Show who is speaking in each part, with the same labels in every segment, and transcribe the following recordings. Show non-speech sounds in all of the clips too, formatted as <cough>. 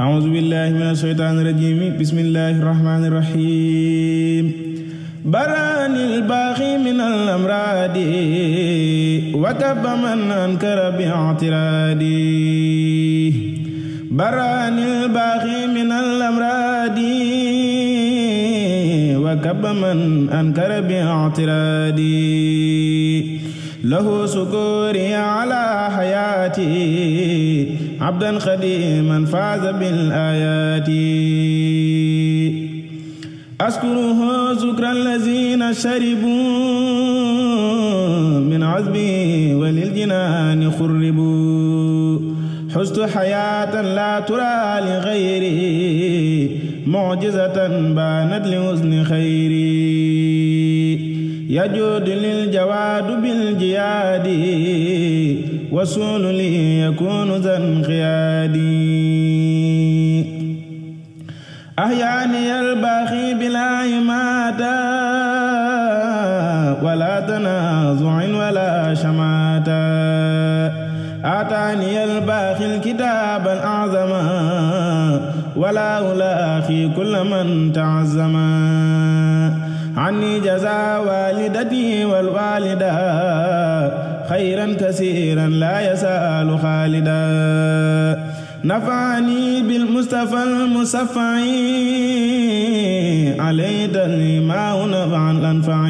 Speaker 1: أعوذ بالله من الشيطان الرجيم بسم الله الرحمن الرحيم بران الباغي من الأمراض وكب من أنكر باعترادي بران الباغي من الأمراض وكب من أنكر باعترادي له سكوري على حياتي عبدا خديما فاز بالآيات أشكره شكر الذين شربوا من عذبه وللجنان خربوا حزت حياة لا ترى لغيري معجزة بانت لحسن خيري يجود للجواد بالجياد وسول لي يكون ذا انقيادي أحياني الباخي بلا إماتة ولا تنازع ولا شماتة أعطاني الباخي الكتاب الأعظم ولا ألاخي كل من تعزم عني جزا والدتي والوالدة خيرا كثيرا لا يسأل خالدا نفعني بالمصطفى المصفع عليتني ما نفعا الأنفع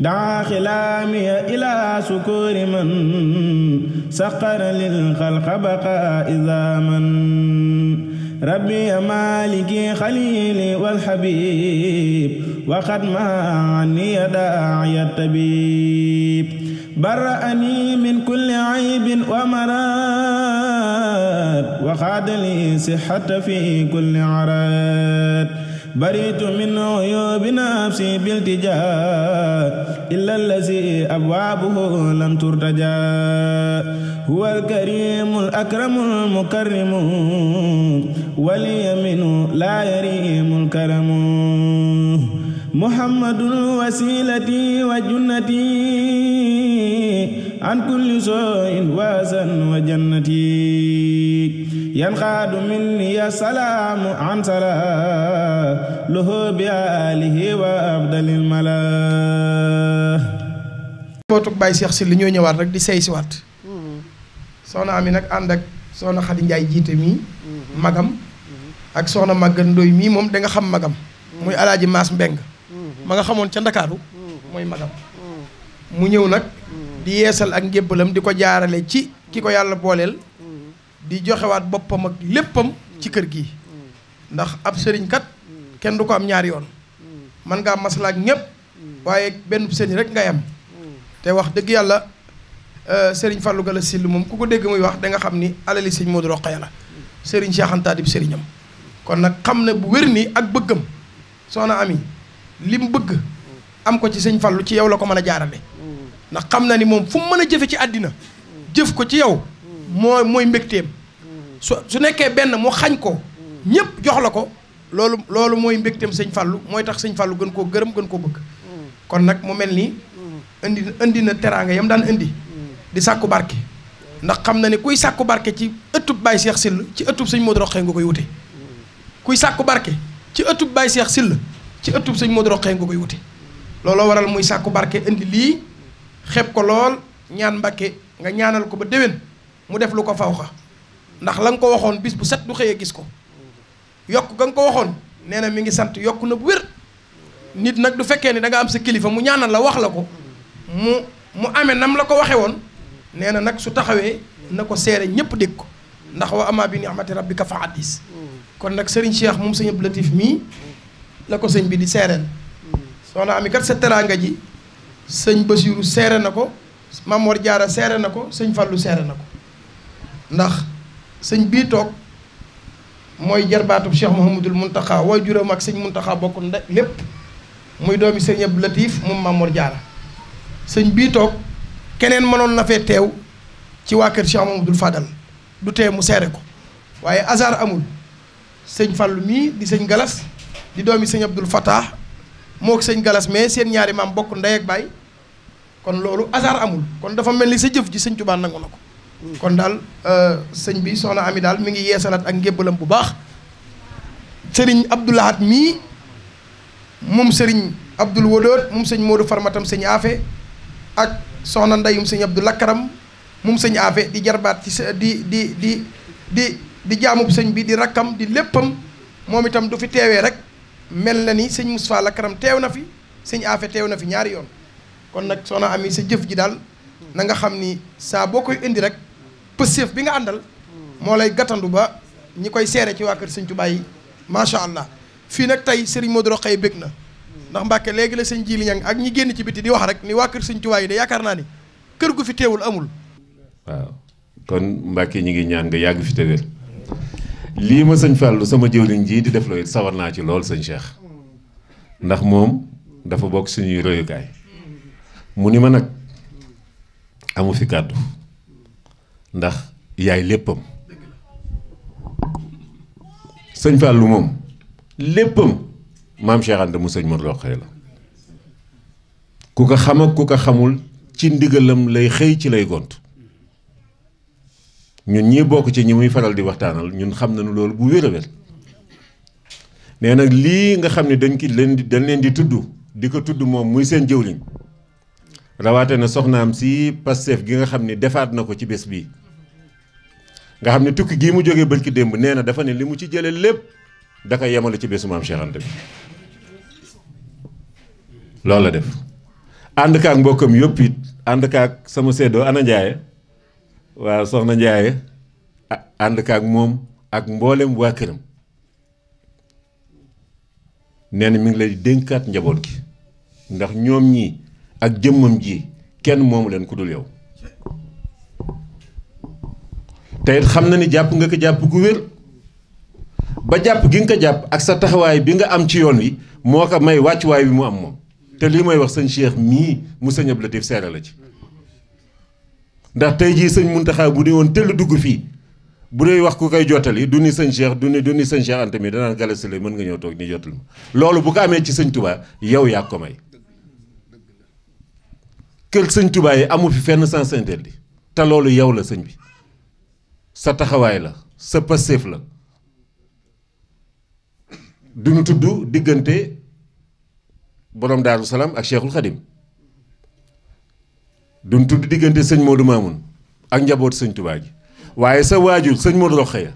Speaker 1: دعا خلامي إلى سكور من سقر للخلق بقاء ذا من ربي مالكي خليلي والحبيب وقد ما عني داعي الطبيب برأني من كل عيب ومراد وخاد لي صحة في كل عراد بريت من عيوب نفسي بالتجاه إلا الذي أبوابه لم ترتجى هو الكريم الأكرم المكرم ولي منه لا يريم الكرم محمد وسيلتي وجنتي an kulli sooyin waasan wa jannati yanqaadu minni ya salaamu an sala bi alihi wa afdalil mala
Speaker 2: mbootuk Baay Seex si li ñoo ñëwaat rek di sey si waat soxna ami nag ànd ak soxna Xadi Njaay jiite mii magam ak soxna Màggan Ndóoy mii moom da xam magam muy alaaji Maas Mbeng ma nga xamoon ca Ndakaaru mooy magam mu ñëw nag di yeesal ak njébbalam di ko jaarale ci ki ko yàlla booleel di joxewaat boppam ak léppam ci kër gi ndax ab sëriñ kat kenn du ko am ñaari yoon man ngaa maslaak ñëpp waaye benn sëriñ rek ngay am te wax dëgg yàlla euh, sëriñ Fallou Gala Sill moom ku ko dégg muy wax da nga xam ni alali sëñ Modou Rokhaya la sëriñ Cheikh Anta dib sëriñam kon nag xam ne bu wér nii ak bëggam soxna Ami li mu bëgg am ko ci sëñ Fallou ci yow la ko mën a jaarale ndax xam na ni moom fu mu mën a jëfe ci àddina jëf ko ci yow moo mooy mbégteem su su nekkee benn mu xañ ko ñëpp jox la ko loolu loolu mooy mbégteem sëñ Fallu mooy tax sëñ Fallu gën koo gërëm gën koo bëgg kon nag mu mel ni indi indi na teraanga yam daan indi di sàkku barke ndax xam na ni kuy sàkku barke ci ëttub Baye Cheikh Syll ci ëttub sëñ Modou Rokhaya koy wute kuy sàkku barke ci ëttub Baye Cheikh Syll ci ëttub sëñ Modou Rokhaya nga koy wute looloo waral muy sàkku barke indi lii xeeb ko lool ñaan Mbàkke nga ñaanal ko ba déwén mu def lu ko faw xa ndax la nga ko waxoon bis bu set du xëyee gis ko yokk ga nga ko waxoon nee na mi ngi sant yokk na bu wér nit nag du fekkee ni da nga am sa kilifa mu ñaanal la wax la ko mu mu amee nam la ko waxe woon nee na nag su taxawee na ko seere ñépp dégg ko ndax wa ama bi ni'mati rabbika fa haddis kon nag Serigne Cheikh moom sëñ Abdou Latif mii la ko sëñ bi di seereel soxna ami kat sa teraanga ji sëñ Basiiru seere na ko Mamor Jaara seere na ko sëñ Fàllu seere na ko ndax sëñ bii toog mooy jarbaatub Cheikh Mouhamadul Muntaxa waajuram ak sëñ Muntaxa bokk nde lépp muy doomi sëñ Abdu Latiif moom Mamor Jaara sëñ bii toog keneen mënoon na fee teew ci waa kër Cheikh Mouhamadul Fadal du tee mu seere ko waaye hasard amul sëñ Fàllu mii di sëñ Galas di doomi sëñ Abdul Fatah moo ko sëñ Galas mais seen ñaari maam bokk ndey ak baay kon loolu hasard amul kon dafa mel ni sa jëf ji sëñ Tuubaa nangu na ko kon daal euh, sëñ bi soxna ami daal mi ngi yeesalaat ak ngébbalam bu baax sëriñ Abdou Lahad mii moom sëriñ Abdoul Wadood moom sëñ Modou Farmatam sëñ Afe ak soxna ndeyum sëñ Abdou Lakaram moom sëñ Afe di jarbaat ci di di di di di jaamub sëñ bi di rakkam di léppam moom itam du fi teewee rek mel na ni sëñ Moustapha Lakaram teew na fi sëñ Afe teew na fi ñaari yoon kon nag soo na ami sa jëf ji daal na nga xam ni saa boo koy indi rek pëseef bi nga àndal moo lay gàttandu ba ñi koy seere ci waa kër sëñ Tuubaa yi macha allah fii nag tey Serigne Modou Rokhaya bég na ndax Mbàkke léegi la sëñ Jili Ñang ak ñi génn ci biti di wax rek ni waa kër sëñ Tuubaa yi de yaakaar naa ni kër gu fi teewul amul.
Speaker 3: waaw kon Mbàkke ñi ngi ñaan nga yàgg fi teewul lii ma sëñ Fallou sama jëwriñ jii di def loolu it sawar naa ci lool sañ Cheikh moom dafa bokk suñuy royukaay. mu ni ma nag amu fi kàddu ndax yaay léppam sëñ Fallou moom léppam maam Cheikh Anta mu sëñ Mor Lo xëy la ku ko xam ak ku ko xamul ci ndigalam lay xëy ci lay gont ñun ñii bokk ci ñi muy faral di waxtaanal ñun xam nañu loolu bu wér a nee nag lii nga xam ne dañ ki leen di dañ leen di tudd di ko tudd moom muy seen jëwriñ rawaate na soxnaam si Pastef gi nga xam ne defaat na ko ci bés bii nga xam ne tukki gii mu jógee bërki démb nee na dafa ne li mu ci jële lépp da koy yemale ci bésu maam Cheikh Anta bi loolu la def ànd kaak mbokkam yëpp it ànd kaak sama seddoo ana Ndiaye waaw soxna Ndiaye ànd kaak moom ak mboolem waa këram nee na mi ngi lay dénkaat njaboot gi ndax ñoom ñii ak jëmmam ji kenn moomu leen ku dul yow te xam na ni jàpp nga ko jàpp gu wér ba jàpp gi nga ko jàpp ak sa taxawaay bi nga am ci yoon wi moo ko may wàccuwaay bi mu am moom te lii may wax sëñ Cheikh mii mu sëñ la Latif seere la ci ndax tey jii sëñ Muntaxa bu ne woon tëll dugg fii bu dee wax ku koy jottali du ni sëñ Cheikh du ni du ni sëñ Cheikh Anta mi danaan galasile mën nga ñëw toog ni jotal ma loolu bu ko amee ci sëñ Touba yow yaa ko may kër sëñ Tuubaa yi amu fi fenn sens di te loolu yow la sëñ bi sa taxawaay la sa pastéef la duñu tudd diggante boroom Daaru Salaam ak Cheikhul Khadim duñu tudd diggante sëñ Modou Mamoun ak njaboot sëñ Tuubaa ji waaye sa waajur sëñ Modou Rokhaya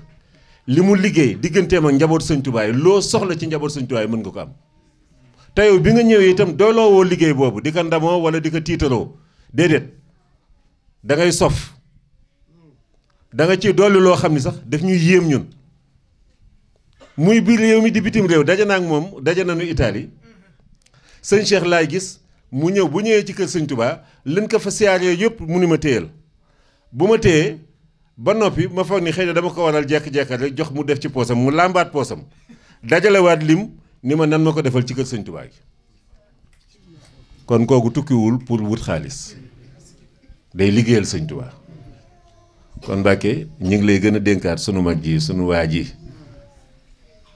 Speaker 3: li mu liggéey digganteem ak njaboot sëñ Tuubaa loo soxla ci njaboot sëñ Tuubaa mën nga ko am te yow bi nga ñëwee itam doyloo woo liggéey boobu di ko ndamoo wala di ko tiitaloo déedéet dangay sof da nga ci dolli loo xam ni sax daf ñuy yéem ñun muy biir réew mi di bitim réew daje naa ak moom daje nañu Italie sëñ Cheikh laay gis mu ñëw bu ñëwee ci kër sëñ Touba leen ko fa siyaaree yëpp mu ni ma téyel bu ma téyee ba noppi ma foog ni xëy na dama ko waral jekk-jekkal rek jox mu def ci poosam mu làmbaat poosam dajalewaat lim. ni ma nan ma ko defal ci kër sëñ Tuubaa gi kon kooku tukkiwul pour wut xaalis day liggéeyal sëñ Tuubaa kon Mbàkke ñu ngi lay gën a dénkaat sunu mag ji sunu waa ji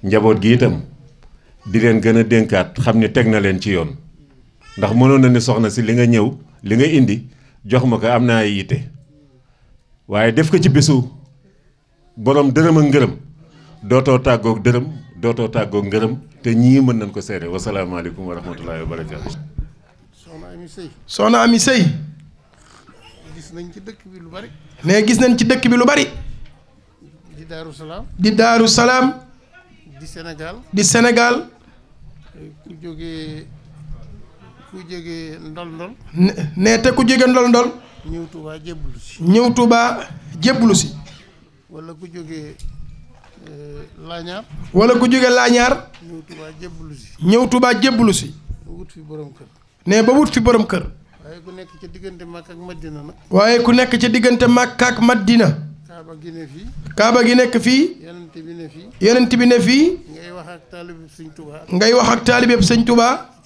Speaker 3: njaboot gi itam di leen gën a dénkaat xam ne teg na leen ci yoon ndax mënoon na ni soxna si li nga ñëw li nga indi jox ma ko am naa yitte waaye def ko ci bisu boroom dërëm ak ngërëm dootoo tàggoog dërëm dootoo tàggoo ngërëm te ñii mën nañ ko seede wasalaamaaleykum wa rahmatullahi wa barakaatu.
Speaker 4: soxna Ami Sey.
Speaker 3: soxna Ami sëy
Speaker 4: gis nañ ci dëkk bi lu bari.
Speaker 2: mais gis nañ ci dëkk bi lu bari.
Speaker 4: di Daaru Salaam.
Speaker 2: di Daaru Salaam. di Sénégal. di Sénégal.
Speaker 4: ku jóge ku jógee ndol-ndol.
Speaker 2: ne te ku jóge ndol-ndol. ñëw Touba jébbalu si. si.
Speaker 4: wala ku jógee. laañaar
Speaker 2: wala ku jóge laañaar ñëw tubaa jébbalu si ñëw tubaa jébbalu si ba wut fi borom kër ne ba wut fi borom kër
Speaker 4: waaye ku nekk ca diggante Makka ak
Speaker 2: Madina nag waaye ku nekk ca diggante Makka ak Madina kaaba gi fii kaaba gi nekk fii yonent bi ne fii yonent ngay wax ak taalibe sëñ tubaa ngay wax ak taalibe sëñ ci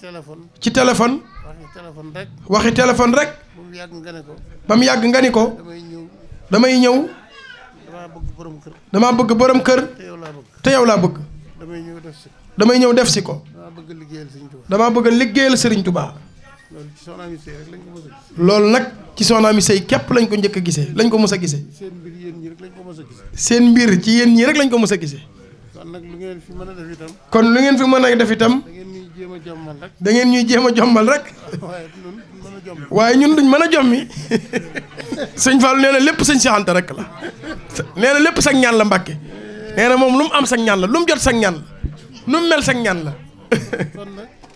Speaker 2: téléphone ci téléphone
Speaker 4: waxi téléphone rek waxi téléphone rek
Speaker 2: ba mu yàgg nga ni ko ba mu yàgg nga ni ko damay ñëw damay ñëw damaa bëgg borom kër. damaa bëgg borom kër. te yow laa bëgg. te yow laa bëgg. damay ñëw def si ko. damay ñëw def si ko. damaa bëgg a liggéeyal Serigne Touba. damaa bëgg a liggéeyal Serigne Touba. loolu ci soxna mi sëy rek lañ ko mës nag ci soxna mi sëy képp lañ ko njëkk a gisee lañ ko mës a gisee. seen mbir yéen ñi ko mës seen mbir ci yéen ñi rek lañ ko mës a gisee. kon lu ngeen fi mën a def itam. kon fi mën a def itam. da ngeen ñuy jéem a jommal da ngeen ñuy jéem a jommal rek. <laughs> waaye ñun duñ mën a jommi sëñ Fallou nee na lépp sëñ Cheikh Anta rek la nee na lépp sag ñaan la Mbàkke nee na moom lu mu am sag ñaan la lu mu jot sag ñaan la lu mu mel sag ñaan la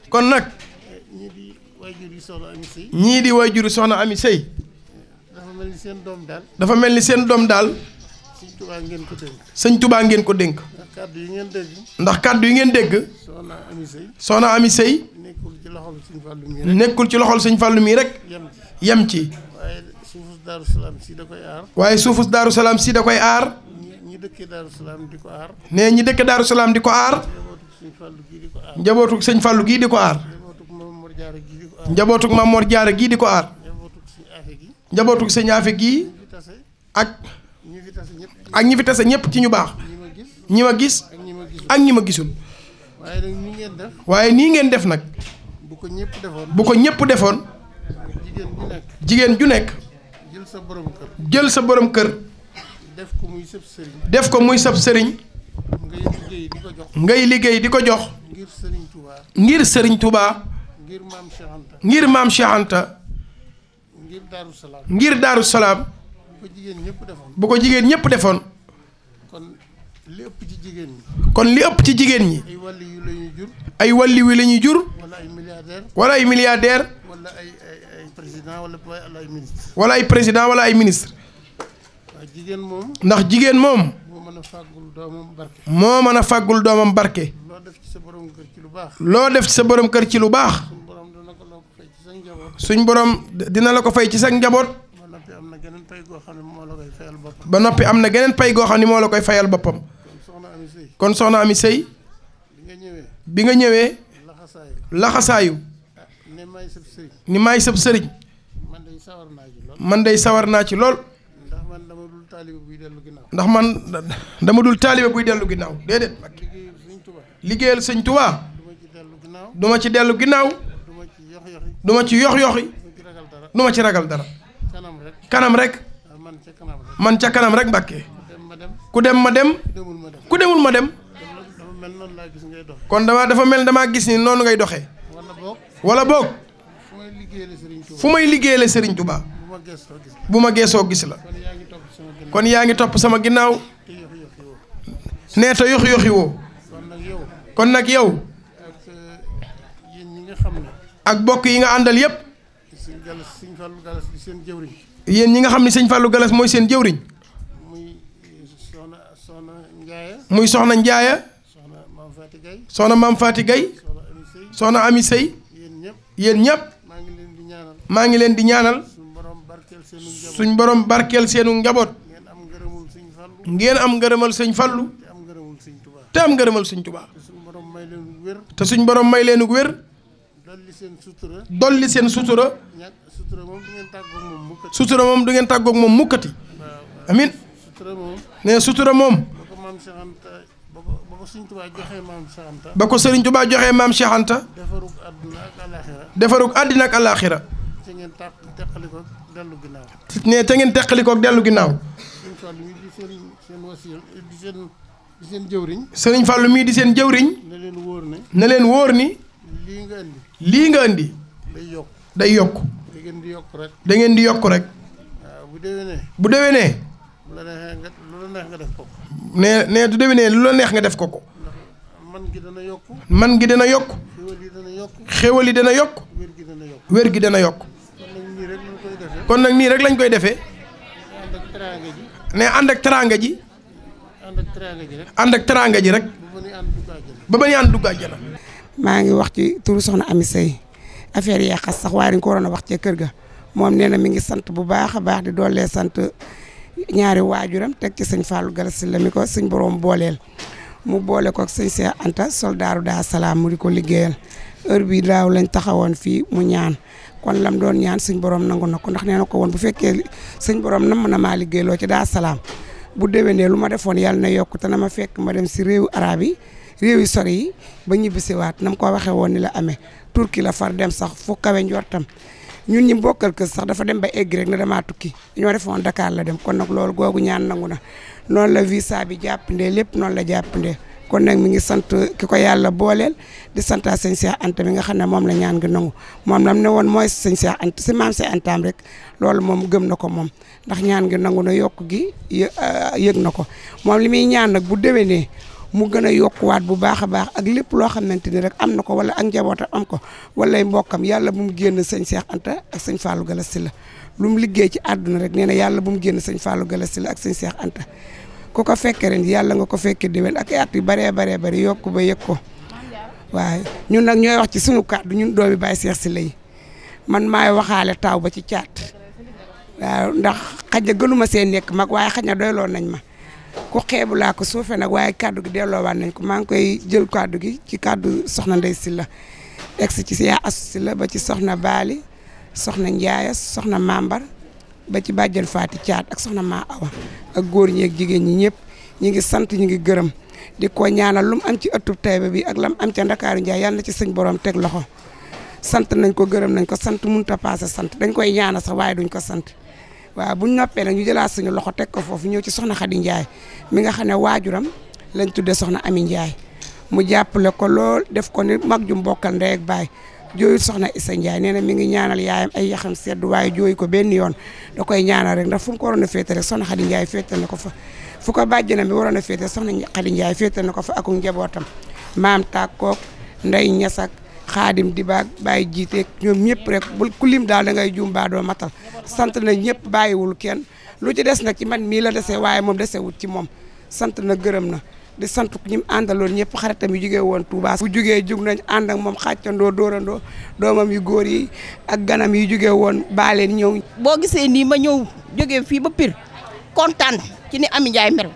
Speaker 2: kon nag ñii di waajuri soxna Ami Sey
Speaker 4: dafa mel ni seen doom daal
Speaker 2: dafa mel ni seen doom daal
Speaker 4: sëñ Tubaa ngeen ko dénk
Speaker 2: sëñ Tubaa ngeen ko dénk
Speaker 4: kàddu yi ngeen dégg.
Speaker 2: ndax kàddu yi ngeen dégg. soxna Ami Sey. soxna Ami Sey. nekkul ci loxol sëñ Fallou mii rek. nekkul ci loxol sëñ Fallou mii rek. yem ci yem ci.
Speaker 4: waaye suufus Daaru Salaam si da koy aar.
Speaker 2: waaye suufus Daaru Salaam si da koy aar.
Speaker 4: ñi dëkk Daaru Salaam ko
Speaker 2: aar. nee ñi dëkk Daaru Salaam di ko aar. njabootuk sëñ Fallou gii di ko aar. njabootuk Mamor Diarra gii di ko aar. njabootuk sëñ Afe gii. ak ñi fi tase ñëpp ci ñu baax. ñi ma gis ak ñi ma gisul waaye nii ngeen def nag
Speaker 4: bu ko ñëpp defoon
Speaker 2: bu ko ñëpp defoon jigéen ju nekk jël sa borom kër sa borom kër def ko muy sab sëriñ def ko muy sab sëriñ ngay liggéey di ko jox liggéey di ko jox ngir sëriñ Touba ngir sëriñ Touba ngir maam Cheikh Anta ngir maam Cheikh Anta ngir Daaru ngir Daaru Salaam
Speaker 4: bu ko jigéen ñépp defoon
Speaker 2: bu ko jigéen ñëpp defoon li ëpp ci jigéen ñi. kon li ëpp ci jigéen ñi. ay wàlli wi la jur. ay wàlli wi jur. wala ay milliardaire. wala ay milliardaire. wala ay président wala ay ministre. wala ay président wala ay ministre. ndax jigéen moom. ndax jigéen moom. moo mën a fàggul doomam barke. moo mën a fàggul doomam barke. loo def ci sa borom kër ci lu baax. loo def sa borom kër ci lu baax. suñ borom dina la ko fay ci sa njaboot. ba noppi am na geneen pay goo xam ne moo la koy fayal boppam. ba noppi am na geneen pay goo xam ne moo la koy fayal boppam. kon soxna ami sëy bi nga ñëwee laxasaayu ni may sëb sëriñ man day sawar naa ci lool ndax man dama dul taalibe buy dellu ginnaaw déedéet liggéeyal sëñ Tuubaa du ma ci dellu ginnaaw du ma ci yox-yoxi du ma ci ragal dara kanam rek man ca kanam rek Mbàkke ku dem ma dem ku demul ma dem kon dama dafa mel damaa gis ni noonu ngay doxee wala boog fu may liggéeyale Serigne Touba bu ma geesoo gis la kon yaa ngi topp sama ginnaaw nee te yoxi yoxi woo kon nag yow uh, ak bokk yi nga àndal yépp yéen ñi nga xam ne sëñ Fallou Galas mooy seen jëwriñ muy soxna Njaaya soxna maam Faati Gay soxna Ami Sey yéen ñëpp maa ngi leen di ñaanal suñ borom barkeel seenu njaboot ngeen am ngërëmal sëñ Fallu te am ngërëmal sëñ Tuubaa te suñ borom may leen wér dolli seen sutura dolli seen sutura sutura moom du ngeen tàggook moom mukkati amin nee sutura moom. ba ko Serigne Touba joxee maam Cheikh ba ko Serigne Touba joxee maam Cheikh Anta.
Speaker 4: defarug àddina ak alaaxira. defarug àddina ak alaaxira. te ngeen teqali koog dellu ginnaaw.
Speaker 2: nee te ngeen teqali koog dellu ginnaaw.
Speaker 4: Serigne Fallou mii di seen seen wasiir di seen di seen jëwriñ.
Speaker 2: Serigne Fallou mii di seen jëwriñ. na leen ne. leen wóor ni. lii nga indi. lii nga indi. day yokk day yokk. da ngeen di yokk rek. da ngeen di yokk rek. waaw bu déwénee. ne
Speaker 4: lu la neex nga lu def ko
Speaker 2: ko. nee du déwénee lu la neex nga def ko ko. man gi dana yokk. man gi dana yokk. xéwal yokk. xéwal yi dana yokk. wér gi dana yokk. wér gi dana yokk. kon nag nii rek lañ koy defee. ne ànd ak teraanga ji.
Speaker 5: ànd ak teraanga ji rek. ji
Speaker 2: rek. ba ba ñu ànd dugg àjjana.
Speaker 5: maa ngi wax ci turu soxna ami Seye affaire yi xas sax waaye dañu ko waroon a wax cee kër ga moom nee na mi ngi sant bu baax a baax di doolee sant. ñaari waajuram teg ci sëñ Fallou Gallas la mi ko suñ borom booleel mu boole ko sëñ see Anta soldaaru daa salaam mu di ko liggéeyal heure bi daaw lañ taxawoon fii mu ñaan kon lam doon ñaan suñ borom nangu na ko ndax nee na ko woon bu fekkee suñ borom nam mën a maa liggéeyloo ci daa salaam bu déwénee lu ma defoon yàlla na yokk te na ma fekk ma dem si réewu arab yi réew yi sori yi ba ñibbisiwaat nam ko waxee woon ni la amee turki la far dem sax fu kawe njortam ñun ñi bokkal kër sax dafa dem ba egg rek ne damaa tukki dañoo defoon Dakar la dem kon nag loolu googu ñaan nangu na noonu la visa bi jàppandee lépp noonu la jàppandee kon nag mi ngi sant ki ko yàlla booleel di santa sëñ Cheikh Anta mi nga xam ne moom la ñaan gi nangu moom lam ne woon mooy sëñ Cheikh Anta si maam Cheikh Antaam rek loolu moom gëm na ko moom ndax ñaan gi nangu na yokk gi yëg na ko moom li muy ñaan nag bu déwénee mu gën a yokkuwaat bu baax a baax ak lépp loo xam xamante ni rek am na ko wala ak njabootam am ko walay mbokkam yàlla bu mu génn sëñ Cheikh Anta ak sëñ Fallou Galass Sylla lu mu liggéey ci àdduna rek nee yàlla bu mu génn sëñ Fallou Galass Sylla ak sëñ seex Anta ku ko fekkee ren yàlla nga ko fekkee déwén ak at yu baree baree bari yokku ba yëg ko waaye ñun nag ñooy wax ci suñu du ñun doomi Baye seex Sylla yi man maay waxaale taaw ba ci caat ndax xaj see nekk mag waaye xaj na doyloo nañ ma ku xeebu laa ko suufee nag waaye kàddu gi delloowaat nañ ko maa ngi koy jël kàddu gi ci kàddu soxna Ndey Sylla egg si ci yaa asu Sylla ba ci soxna Baali soxna Ndiaye soxna Mambar ba ci bàjjen Faati Caat ak soxna maa Awa ak góor ñi ak jigéen ñi ñëpp ñu ngi sant ñu ngi gërëm di ko ñaanal lu mu am ci ëttub Tayba bi ak lam am ca Ndakaaru Ndiaye yàlla na ci sëñ borom teg loxo sant nañ ko gërëm nañ ko sant mënut paase sant dañ koy ñaanal sax waaye duñ ko sant waaw buñ noppee nag ñu jëlaat suñu loxo teg ko foofu ñëw ci soxna Khady Ndiaye mi nga xam ne waajuram lañ tuddee soxna Ami Ndiaye mu jàppale ko lool def ko ni mag jum mbokkal ndey ak baay jooyul soxna Issa Ndiaye nee na mi ngi ñaanal yaayam ay yaxam seddu waaye jooyu ko benn yoon da koy ñaanal rek ndax fu mu ko waroon a féete rek na ko fa fu ko bàjjanam bi waroon a féete soxna Khady Ndiaye féete na ko fa ak njabootam maam tàkkoog nday ñasak xaadim dibaag bàyyi jiiteeg ñoom ñëpp rek bul ku lim daal da ngay juum matal sant na ñëpp bàyyiwul kenn lu ci des nag ci man mii la desee waaye moom desewut ci moom sant na gërëm na di sant ku mu àndaloon ñëpp xaritam yu jugee woon Touba. bu jugee jug nañ ànd ak moom xàccandoo dóorandoo doomam yu góor yi ak ganam yu jugee woon baaleen ñëw. boo gisee nii ma ñëw jógee fii ba piir kontaan ci ni Amy Ndiaye mel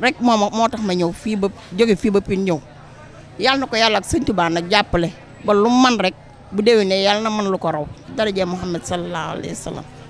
Speaker 5: rek moom moo tax ma ñëw fii ba jóge fii ba Pire ñëw yàlla na ko yàlla ak sëñ Touba nag jàppale ba lu man rek bu déwénee yàlla na mën lu ko raw daraja Muhammad sallallahu alayhi wa sallam